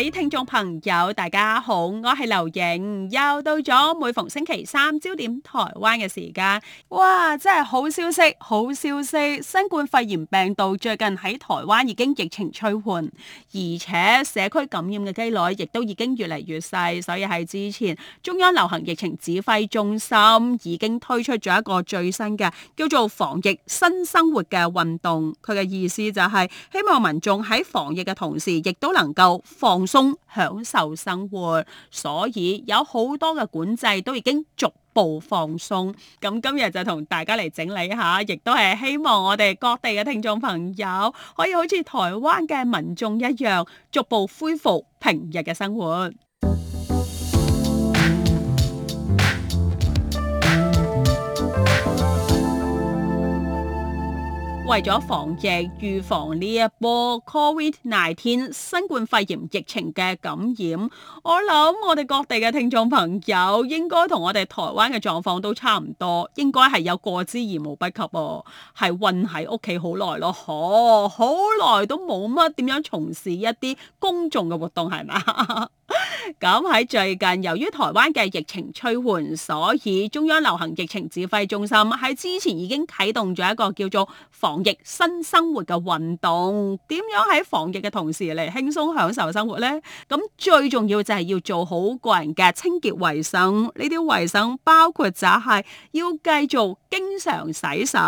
各位聽眾朋友，大家好，我係劉瑩，又到咗每逢星期三焦點台灣嘅時間。哇，真係好消息，好消息！新冠肺炎病毒最近喺台灣已經疫情趨緩，而且社區感染嘅機率亦都已經越嚟越細。所以喺之前中央流行疫情指揮中心已經推出咗一個最新嘅叫做防疫新生活嘅運動。佢嘅意思就係、是、希望民眾喺防疫嘅同時，亦都能夠防鬆享受生活，所以有好多嘅管制都已經逐步放鬆。咁今日就同大家嚟整理下，亦都係希望我哋各地嘅聽眾朋友可以好似台灣嘅民眾一樣，逐步恢復平日嘅生活。為咗防疫預防呢一波 Covid nineteen 新冠肺炎疫情嘅感染，我諗我哋各地嘅聽眾朋友應該同我哋台灣嘅狀況都差唔多，應該係有過之而無不及哦、啊，係困喺屋企好耐咯，嗬，好耐都冇乜點樣從事一啲公眾嘅活動係嘛？咁喺 最近由於台灣嘅疫情趨緩，所以中央流行疫情指揮中心喺之前已經啟動咗一個叫做防疫新生活嘅運動，點樣喺防疫嘅同時嚟輕鬆享受生活呢？咁最重要就係要做好個人嘅清潔衛生，呢啲衛生包括就係要繼續經常洗手，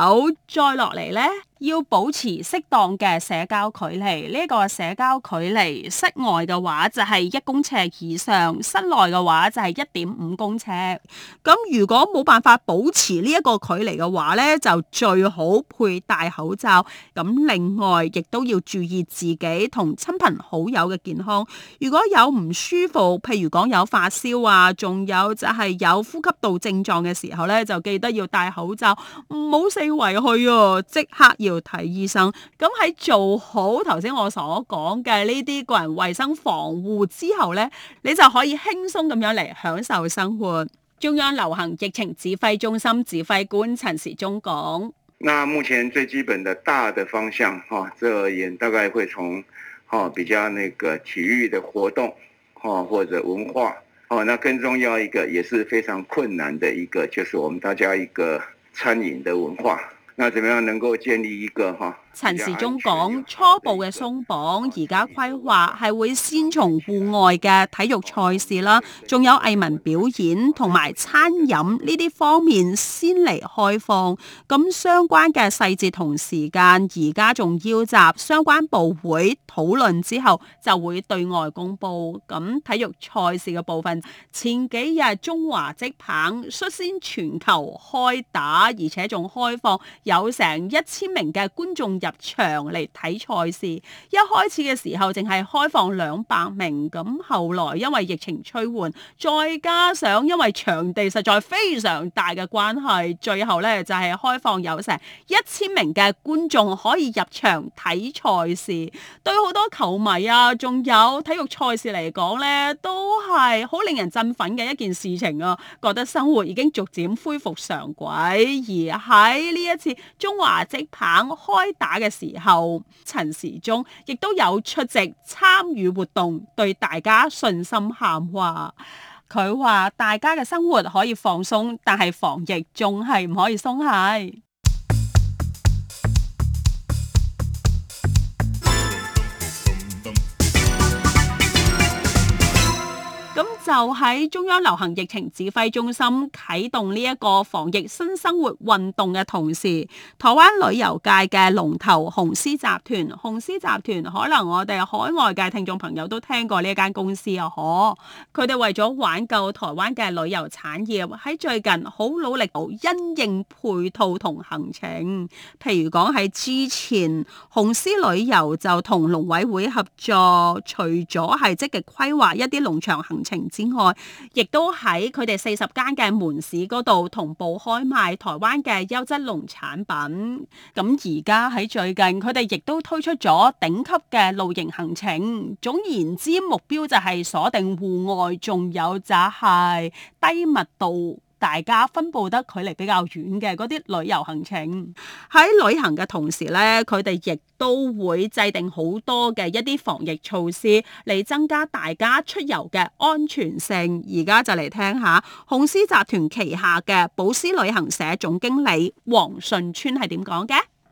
再落嚟呢。要保持適當嘅社交距離，呢一個社交距離室外嘅話就係一公尺以上，室內嘅話就係一點五公尺。咁如果冇辦法保持呢一個距離嘅話呢就最好佩戴口罩。咁另外亦都要注意自己同親朋好友嘅健康。如果有唔舒服，譬如講有發燒啊，仲有就係有呼吸道症狀嘅時候呢就記得要戴口罩，唔好四圍去喎！即刻要，要睇醫生，咁喺做好頭先我所講嘅呢啲個人衞生防護之後呢，你就可以輕鬆咁樣嚟享受生活。中央流行疫情指揮中心指揮官陳時中講：那目前最基本的大的方向，哈、啊，這也大概會從哈、啊、比較那個體育的活動，哈、啊、或者文化，哦、啊，那更重要一個也是非常困難的一個，就是我們大家一個餐飲的文化。那怎麼樣能夠建立一個哈？陳時中講，初步嘅鬆綁，而家規劃係會先從戶外嘅體育賽事啦，仲有藝文表演同埋餐飲呢啲方面先嚟開放。咁相關嘅細節同時間而家仲邀集相關部會討論，之後就會對外公布。咁體育賽事嘅部分，前幾日中華職棒，率先全球開打，而且仲開放有成一千名嘅觀眾。入場嚟睇賽事，一開始嘅時候淨係開放兩百名，咁後來因為疫情趨緩，再加上因為場地實在非常大嘅關係，最後呢就係開放有成一千名嘅觀眾可以入場睇賽事。對好多球迷啊，仲有體育賽事嚟講呢，都係好令人振奮嘅一件事情啊！覺得生活已經逐漸恢復常軌，而喺呢一次中華職棒開打。打嘅時候，陳時中亦都有出席參與活動，對大家信心喊話。佢話大家嘅生活可以放鬆，但係防疫仲係唔可以鬆懈。就喺中央流行疫情指揮中心啟動呢一個防疫新生活運動嘅同時，台灣旅遊界嘅龍頭雄獅集團，雄獅集團可能我哋海外嘅聽眾朋友都聽過呢一間公司啊，嗬，佢哋為咗挽救台灣嘅旅遊產業，喺最近好努力做因應配套同行程，譬如講喺之前雄獅旅遊就同農委會合作，除咗係積極規劃一啲農場行程之。外，亦都喺佢哋四十間嘅門市嗰度同步開賣台灣嘅優質農產品。咁而家喺最近，佢哋亦都推出咗頂級嘅露營行程。總言之，目標就係鎖定戶外，仲有就係低密度。大家分佈得距離比較遠嘅嗰啲旅遊行程，喺旅行嘅同時咧，佢哋亦都會制定好多嘅一啲防疫措施，嚟增加大家出遊嘅安全性。而家就嚟聽下雄獅集團旗下嘅寶獅旅行社總經理黃順川係點講嘅？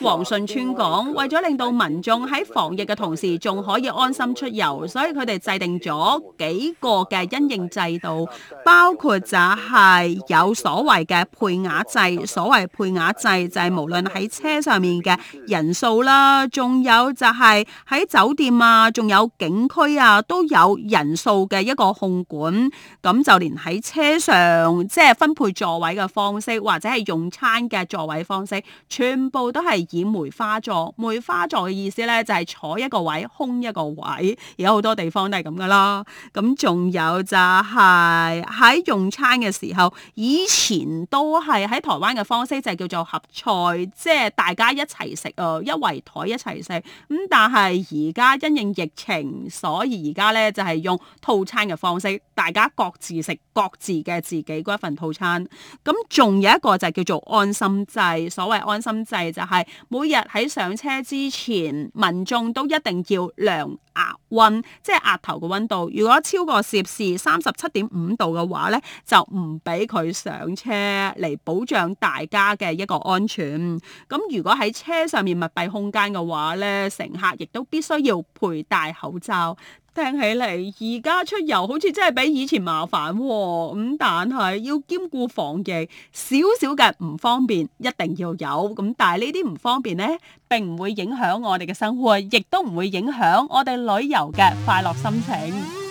王順川講，為咗令到民眾喺防疫嘅同時，仲可以安心出遊，所以佢哋制定咗幾個嘅因應制度，包括就係有所謂嘅配額制。所謂配額制就係無論喺車上面嘅人數啦，仲有就係喺酒店啊，仲有景區啊，都有人數嘅一個控管。咁就連喺車上即係、就是、分配座位嘅方式，或者係用餐嘅座位方式，全部都。都係以梅花座，梅花座嘅意思呢，就係坐一個位，空一個位。而家好多地方都係咁噶啦。咁仲有就係喺用餐嘅時候，以前都係喺台灣嘅方式就係叫做合菜，即係大家一齊食哦，一圍台一齊食。咁但係而家因應疫情，所以而家呢，就係用套餐嘅方式，大家各自食各自嘅自己嗰一份套餐。咁仲有一個就叫做安心制，所謂安心制就係。每日喺上車之前，民眾都一定要量額溫，即係額頭嘅溫度。如果超過攝氏三十七點五度嘅話呢，就唔俾佢上車，嚟保障大家嘅一個安全。咁如果喺車上面密閉空間嘅話呢，乘客亦都必須要佩戴口罩。聽起嚟，而家出遊好似真係比以前麻煩喎、哦。咁但係要兼顧防疫，少少嘅唔方便一定要有。咁但係呢啲唔方便呢，並唔會影響我哋嘅生活，亦都唔會影響我哋旅遊嘅快樂心情。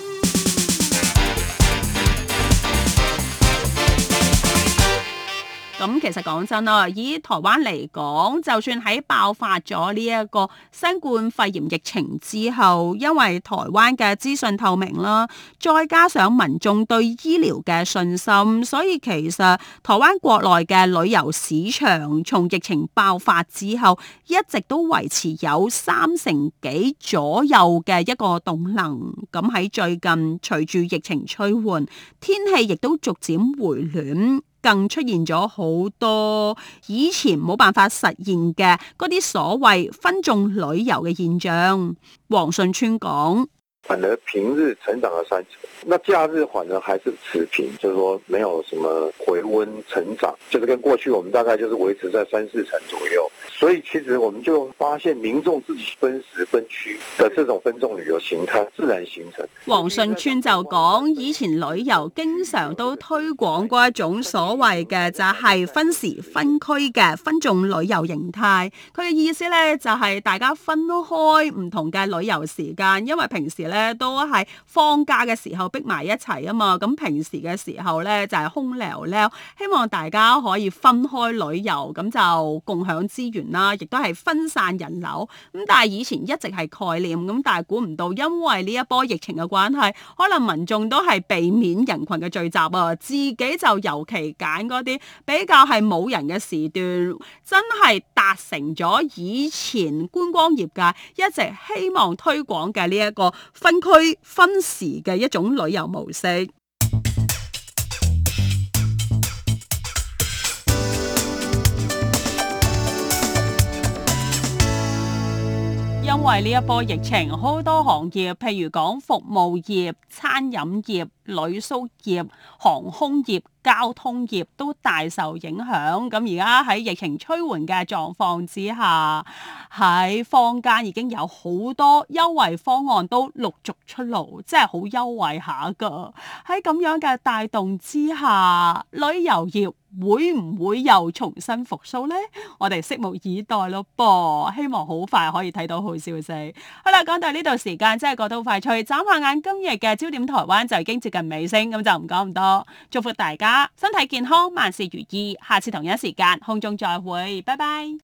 咁其實講真啦，以台灣嚟講，就算喺爆發咗呢一個新冠肺炎疫情之後，因為台灣嘅資訊透明啦，再加上民眾對醫療嘅信心，所以其實台灣國內嘅旅遊市場從疫情爆發之後一直都維持有三成幾左右嘅一個動能。咁喺最近，隨住疫情趨緩，天氣亦都逐漸回暖。更出現咗好多以前冇辦法實現嘅嗰啲所謂分眾旅遊嘅現象。黃順川講，反而平日成長咗三成，那假日反而還是持平，就是說沒有什麼回溫成長，就是跟過去我們大概就是維持在三四成左右。所以其實我們就發現民眾自己分時分區的這種分眾旅遊形態自然形成。黃順川就講，以前旅遊經常都推廣過一種所謂嘅就係分時分區嘅分眾旅遊形態。佢嘅意思咧就係大家分開唔同嘅旅遊時間，因為平時咧都係放假嘅時候逼埋一齊啊嘛。咁平時嘅時候咧就係空寥寥，希望大家可以分開旅遊，咁就共享資源。亦都係分散人流咁，但係以前一直係概念咁，但係估唔到因為呢一波疫情嘅關係，可能民眾都係避免人群嘅聚集啊，自己就尤其揀嗰啲比較係冇人嘅時段，真係達成咗以前觀光業界一直希望推廣嘅呢一個分區分時嘅一種旅遊模式。因為呢一波疫情，好多行業，譬如講服務業、餐飲業、旅宿業、航空業、交通業都大受影響。咁而家喺疫情趨緩嘅狀況之下，喺坊間已經有好多優惠方案都陸續出爐，即係好優惠下噶。喺咁樣嘅帶動之下，旅遊業。會唔會又重新復甦呢？我哋拭目以待咯噃，希望好快可以睇到好消息。好啦，講到呢度時間真係過到快脆，眨下眼今日嘅焦點台灣就已經接近尾聲，咁就唔講咁多。祝福大家身體健康，萬事如意。下次同一時間空中再會，拜拜。